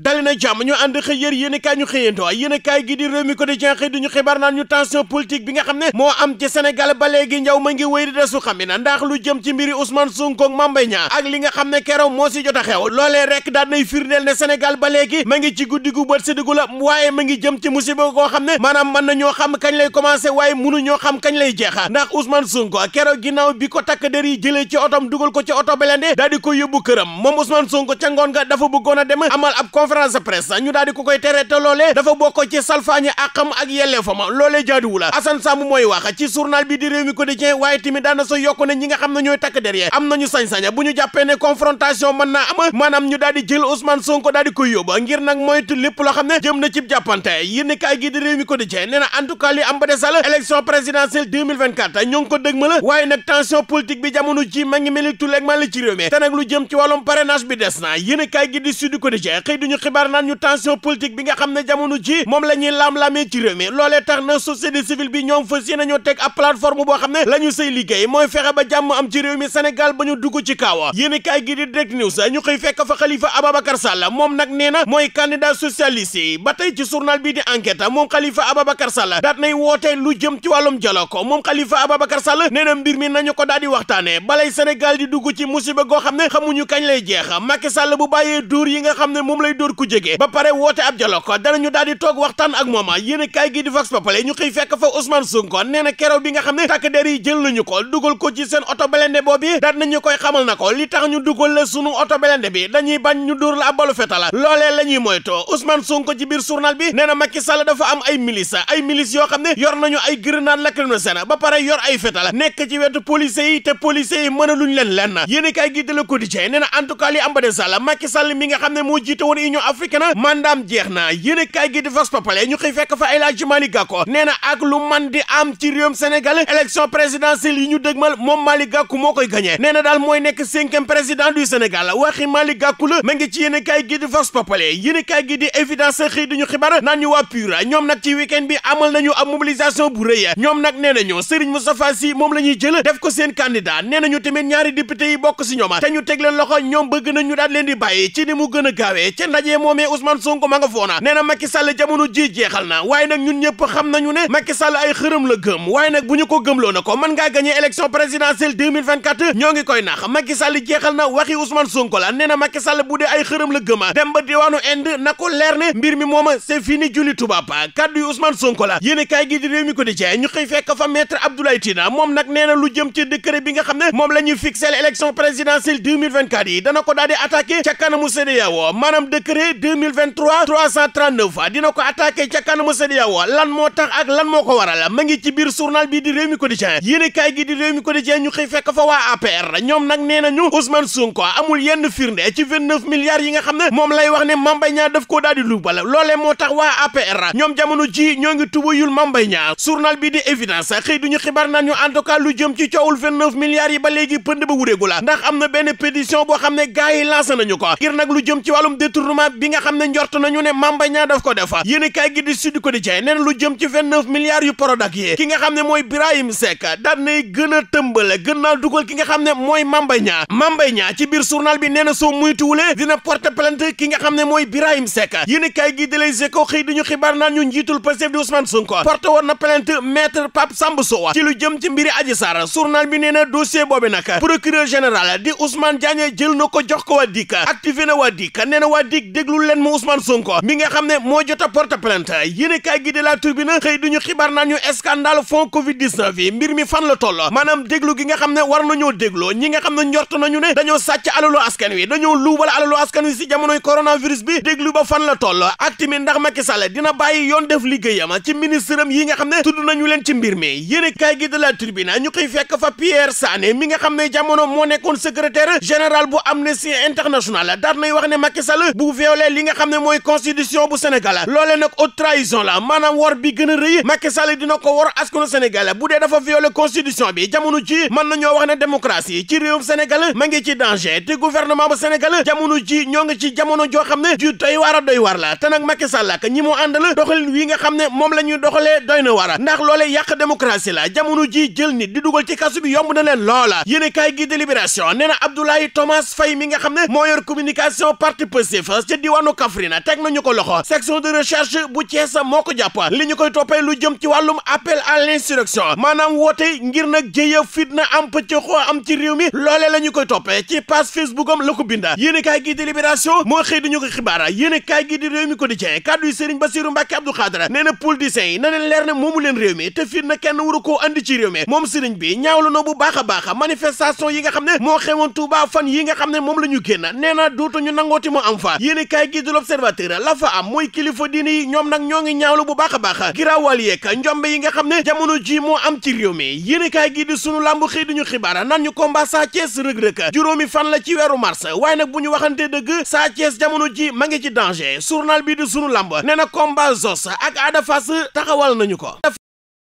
dali na jàmm ñu ànd xëy yér yéen i kaay ñu xëyantoo yéen i kaay gi di réew mi ko di jenxëy duñu xibaar naan ñu tension politique bi nga xam ne moo am ci Sénégal ba léegi njaw ma ngi wéy di desu xam na ndax lu jëm ci mbiri Ousmane Sonko ak Mame Mbaye ak li nga xam ne keroog moo si jot a xew loolee rek daan nay firndeel ne Sénégal ba léegi ma ngi ci guddi gu bët siddigu la waaye ma ngi jëm ci musiba koo xam ne maanaam mën na ñoo xam kañ lay commencé waaye mënu xam kañ lay jeexa ndax Ousmane Sonko keroog ginnaaw bi ko takk der yi jëlee ci otom dugal ko ci oto belende daal di ko yóbbu këram moom Ousmane Sonko ca ngoon nga dafa bëggoon a dem amal ab conférence de presse ñu daal di tere te loolee dafa bokk ci salfaañi àqam ak yelleefam loolee jaadiwu la Assane Samb mooy wax ci journal bi di réew mi quotidien waaye tamit daan na ne ñi nga xam ne ñooy takk derrière am nañu sañ-sañ bu ñu jàppee ne confrontation mën naa am maanaam ñu daal jël Ousmane Sonko daal di koy ngir nag moytu lépp loo xam ne jëm na cib jàppante yéen kaay gi di réew mi quotidien nee na en am ba desal élection présidentielle 2024 xibaar naa ñu tension politique bi nga xam ne jamono ji moom la ñuy laam-laamee ci réew mi loolee tax na société civile bi ñoom fas yéene ñoo teg ab plateforme boo xam ne la ñu say liggéey mooy fexe ba jàmm am ci réew mi Sénégal ba ñu dugg ci kaawa yéen kaay gi di direct news ñu xëy fekk fa Khalifa Ababacar Sall moom nag nee na mooy candidat socialiste yi ba tey ci journal bii di enquête moom Khalifa Ababacar Sall nay woote lu jëm ci wàllum dialogue moom Khalifa Ababacar Sall nee na mbir mi nañu ko daal di waxtaane Sénégal di dugg ci musiba goo xam ne xamuñu kañ lay jeex Macky Sall bu bàyyee duur yi nga xam ne moom lay dóor ku jege ba pare woote ab dialogue danañu daal di toog waxtaan ak moom yéen kaay gi di Vox Populi ñu xëy fekk fa Ousmane Sonko nee na keroog bi nga xam ne takk der yi jël nañu ko dugal ko ci seen oto belende boobu daal nañu koy xamal na ko li tax ñu dugal la sunu oto belende bi dañuy bañ ñu dóor la ab balu feta la loolee la ñuy moytu Ousmane Sonko ci biir journal bi nee na Macky Sall dafa am ay milice ay milice yoo xam ne yor nañu ay grenade lacrymogène ba pare yor ay feta nekk ci wetu policiers yi te policiers yi Le Quotidien nee na en tout cas li am ba de mi nga xam ne moo jiite Union africaine mandaam jeex na yéen a kaay gi di Vox Populi ñu xëy fekk fa El Hadji Malick Gakou nee na ak lu man di am ci réewum Sénégal élection présidentielle yi ñu mal moom Malick Gakou moo koy gagné nee na daal mooy nekk cinquième président du Sénégal waxi Malick Gakou la ma ngi ci yéen a kaay gi di Vox Populi yéen a kaay gi di évidence xëy di ñu xibaar naan ñu waa PUR ñoom nag ci week-end bi amal nañu ab mobilisation bu rëy ñoom nag nee nañu Serigne Moustapha Sy moom la ñuy jël def ko seen candidat nee nañu tamit ñaari député yi bokk si ñoom ñu teg leen loxo ñoom bëgg nañ ñu daal leen di bàyyi ci ni mu gën a ndaje moomee Ousmane Sonko ma nga foona nee na Macky Sall jamono ji jeexal na waaye nag ñun ñëpp xam nañu ne Macky ay xërëm la gëm waaye nag bu ñu ko gëmloo na ko mën ngaa gagné élection présidentielle 2024 ñoo ngi koy nax Macky Sall na waxi Ousmane Sonko la nee na bu dee ay xërëm la gëma dem ba diwaanu Inde na ko leer mbir mi mooma c'est fini julli tubaab kaddu yu Ousmane Sonko la yéen kaay gi di mi ko di cee ñu xëy fekk fa maître Abdoulaye décret 2023 339 dina ko attaqué ca kanamu CEDEAO lan moo tax ak lan moo ko waral ma ngi ci biir journal bi di Rewmi Quotidien yéenekaay gi di Rewmi Quotidien ñu xëy fekk fa waa APR ñoom nag nee nañu Ousmane Sonko amul yenn firnde ci 29 milliards yi nga xam ne moom lay wax ne Mame Mbaye Niang daf koo daal di luubal loolee moo tax waa APR ñoom jamono ji ñoo ngi tuba yul Mame Mbaye Niang journal bi di évidence xëy duñu xibaar naan ñu en tout cas lu jëm ci coowul 29 milliards yi ba léegi pënd ba wuréegu la ndax am na benn pétition boo xam ne gars yi lancé nañu ko ngir nag lu jëm ci wàllum détournement détournement bi nga xam ne njort nañu ne Mame Mbaye Niang daf ko def yéen kaay gi di Sud Quotidien nee na lu jëm ci vingt-neuf milliards yu Prodac yi ki nga xam ne mooy Birahim Seck daan nay gën a tëmbale gën naa xam ne mooy Mame Mbaye ci biir journal bi nee na soo muytuwulee dina porter plainte ki xam ne mooy Birahim Seck yéen kaay gi di Les Échos xëy diñu xibaar naan njiitul Pastef di Ousmane Sonko porte woon na plainte maître Pape Samba Sow ci lu jëm ci mbiri déglul leen ma Ousmane Sonko mi nga xam ne moo jot a porte plainte yéenekaay gi de la Tribune xëy duñu xibaar naan ñu scandale fond covid 19 yi mbir mi fan la toll maanaam déglu gi nga xam ne war nañoo dégloo ñi nga xam ne njort ñu ne dañoo sàcc alalu askan wi dañoo luubal alalu askan wi si jamonoy coronavirus bi déglu ba fan la toll ak tamit ndax Macky Sall dina bàyyi yoon def liggéeyam ci ministre am yi nga xam ne tudd ñu leen ci mbir mi yéenekaay gi de la fekk fa Pierre xam ne jamono moo nekkoon secrétaire général bu Amnesty International daal nay wax ne Macky Sall violé li nga xam ne mooy constitution bu Sénégal loolee nag haute trahison la maanaam wor bi gën a rëy Macky Sall dina ko wor askanu Sénégal bu dee dafa violé constitution bi jamono ji na ñoo wax ne démocratie ci réewum Sénégal ma ngi ci danger te gouvernement bu Sénégal jamono ji ñoo ngi ci jamono joo xam ne ju doy waar a doy waar la te nag Macky Sall ak ñi mu àndal doxalin wi nga xam ne moom la ñuy doxalee doy na waar ndax loole yàq démocratie la jamono ji jël nit di dugal ci kasu bi yomb na leen loola yéen a kaay gi délibération nee na Abdoulaye Thomas Faye mi nga xam ne moo yor communication parti Pastef ca diwaanu Kaffrine teg nañu ko loxo section de recherche bu Thiès moo ko jàpp li ñu koy toppee lu jëm ci wàllum appel à l'insurrection maanaam woote ngir nag jéya fitna am pëccëxoo am ci réew mi loolee la ñu koy toppee ci page Facebook la ko binda yéen kaay gi di Libération moo xëy ñu ko xibaara yéen kaay gi di réew mi quotidien kàddu yi Serigne Bassirou Mbacké Abdou Khadra nee na politiciens yi na leen leer ne moomu leen réew te fitna kenn waru koo andi ci moom bi ñaawlu na bu baax a baax manifestation yi nga xam ne moo xewoon Touba fan yi nga xam ne moom la ñu génn nee na dootuñu nangooti moo am yéen kaay gi du l'observateur la am mooy kilifa diine yi ñoom nag ñoo ngi ñaawlu bu baax a baax giraawal yeeg njombe yi nga xam ne jamono ji moo am ci réew mi yéen kaay gi di sunu làmb xëy di ñu xibaar nan ñu combat Sa Thiès rëg-rëg juróomi fan la ci weeru mars waaye nag bu ñu waxante dëgg Sa Thiès jamono ji ma ngi ci danger journal bi di sunu làmb ne na combat Zos ak Ada Fass taxawal nañu ko